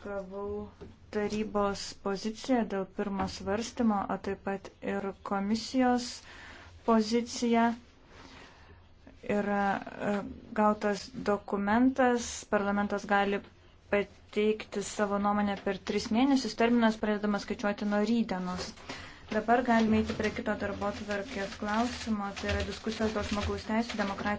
gavau tarybos poziciją dėl pirmo svarstymo, o taip pat ir komisijos poziciją. Yra e, gautas dokumentas, parlamentas gali pateikti savo nuomonę per tris mėnesius, terminas pradedamas skaičiuoti nuo rydienos. Dabar galime eiti prie kito darbo tvarkės klausimo, tai yra diskusijos dėl žmogaus teisų, demokratijos.